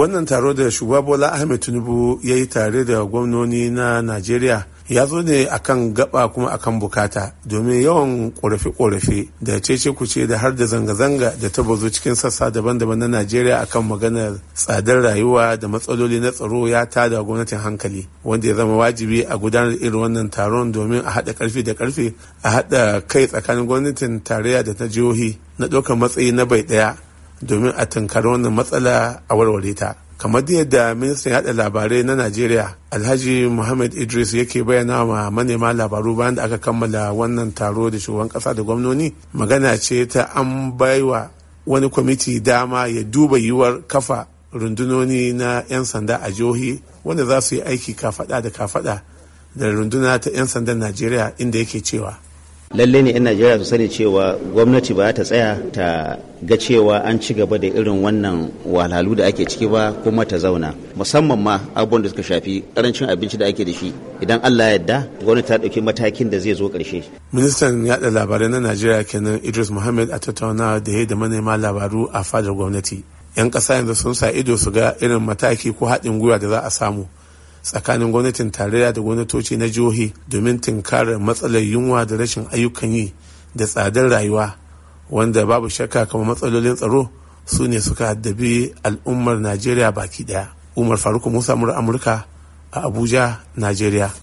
wannan taro da shugaba bola ahmed tinubu ya yi tare da gwamnoni na najeriya ya zo ne akan gaba kuma akan bukata domin yawan korafe-korafe da cece kuce da har da zanga-zanga da ta bazo cikin sassa daban-daban na najeriya akan maganar tsadar rayuwa da matsaloli na tsaro ya tada gwamnatin hankali wanda ya zama wajibi a gudanar irin wannan taron domin a haɗa karfi da karfe a haɗa kai tsakanin gwamnatin tarayya da ta jihohi na ɗaukar matsayi na bai ɗaya domin a tunkari wannan matsala a warware ta kamar yadda ministan yada labarai na najeriya alhaji muhammad idris yake bayyana wa manema labaru bayan da aka kammala wannan taro da shugaban kasa da gwamnoni magana ce ta an baiwa wani kwamiti dama ya duba yiwuwar kafa rundunoni na 'yan sanda a jihohi wanda za su yi aiki kafada da kafada da runduna ta 'yan sandan najeriya inda yake cewa lalle ne 'yan najeriya su sani cewa gwamnati ba ta tsaya ta ga cewa an ci gaba da irin wannan wahalhalu da ake ciki ba kuma ta zauna musamman ma abubuwan da suka shafi karancin abinci da ake da shi idan allah ya yadda gwamnati ta ɗauki matakin da zai zo ƙarshe ministan yaɗa labarai na najeriya kenan idris muhammad a tattaunawa da ya da manema labaru a fadar gwamnati 'yan ƙasa yanzu sun sa ido su ga irin mataki ko haɗin gwiwa da za a samu tsakanin gwamnatin tarayya da gwamnatoci na jihohi domin tunkarar matsalar yunwa da rashin ayyukan yi da tsadar rayuwa wanda babu shakka kamar matsalolin tsaro su ne suka haddabi al'ummar najeriya baki daya umar faruk musa mura amurka a abuja najeriya